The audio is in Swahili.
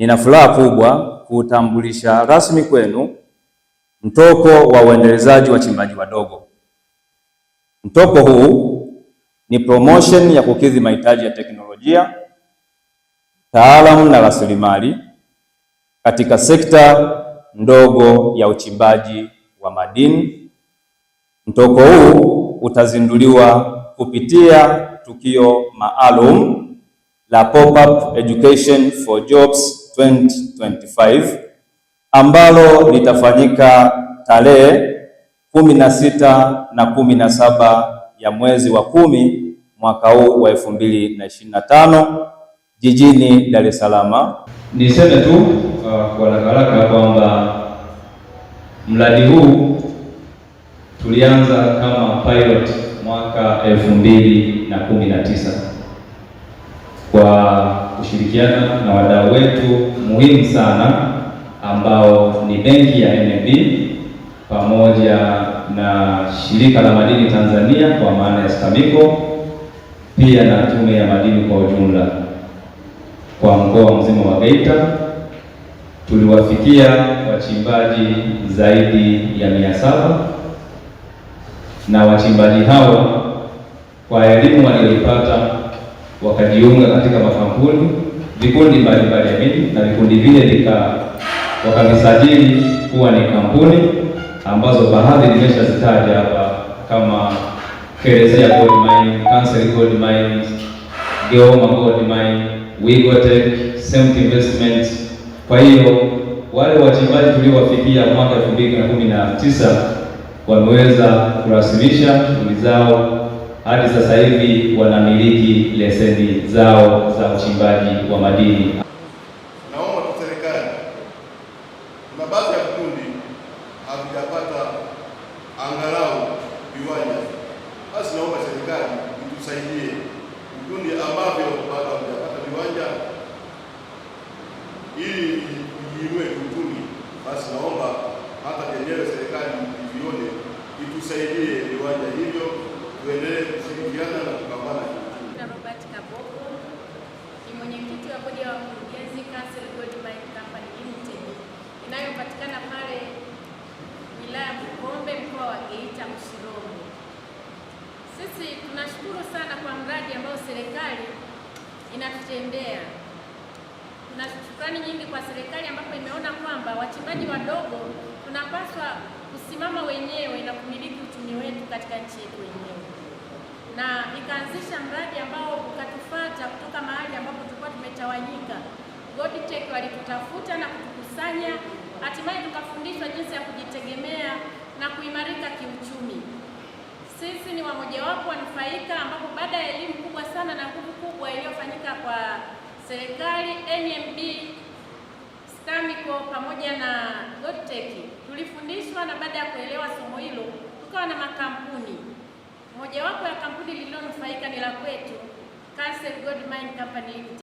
Nina furaha kubwa kutambulisha rasmi kwenu mtoko wa uendelezaji wachimbaji wadogo. Mtoko huu ni promotion ya kukidhi mahitaji ya teknolojia, taalamu na rasilimali katika sekta ndogo ya uchimbaji wa madini. Mtoko huu utazinduliwa kupitia tukio maalum la pop-up education for jobs 2025 ambalo litafanyika tarehe kumi na sita na kumi na saba ya mwezi wa kumi mwaka huu wa elfu mbili na ishirini na tano jijini Dar es Salaam. Niseme tu uh, kwa haraka kwamba mradi huu tulianza kama pilot mwaka elfu mbili na kumi na tisa kwa kushirikiana na wadau wetu muhimu sana ambao ni benki ya NMB pamoja na shirika la madini Tanzania kwa maana ya STAMICO, pia na tume ya madini kwa ujumla. Kwa mkoa mzima wa Geita tuliwafikia wachimbaji zaidi ya mia saba na wachimbaji hao kwa elimu walioipata wakajiunga katika makampuni, vikundi mbalimbali ya dini, na vikundi vile vika wakavisajili kuwa ni kampuni ambazo baadhi nimeshazitaja hapa kama Kerezia Gold Mine, Council Gold Mine, Geoma Gold Mine, Wigotech, Semt Investment. Kwa hiyo wale wachimbaji tuliowafikia mwaka 2019 wameweza kurasimisha shughuli zao hadi sasa hivi wanamiliki leseni zao za uchimbaji wa madini. Naomba tu serikali, kuna baadhi ya vikundi havijapata angalau viwanja, basi naomba serikali itusaidie vikundi ambavyo bado havijapata viwanja ili vijiinue kiuchumi, basi naomba hata yenyewe serikali ivione, itusaidie viwanja hivyo. miradi ambayo serikali inatutendea Tuna shukrani nyingi kwa serikali ambapo imeona kwamba wachimbaji wadogo tunapaswa kusimama wenyewe na kumiliki uchumi wetu katika nchi yetu wenyewe, na ikaanzisha mradi ambao ukatufata kutoka mahali ambapo tulikuwa tumetawanyika. Godtech walitutafuta na kutukusanya, hatimaye tukafundishwa jinsi ya kujitegemea na kuimarika kiuchumi. Sisi ni wamojawapo iliyofanyika kwa serikali, NMB, STAMICO pamoja na GOTEC, tulifundishwa na baada ya kuelewa somo hilo tukawa na makampuni. Mojawapo ya kampuni lililonufaika ni la kwetu Castle Gold Mine Company.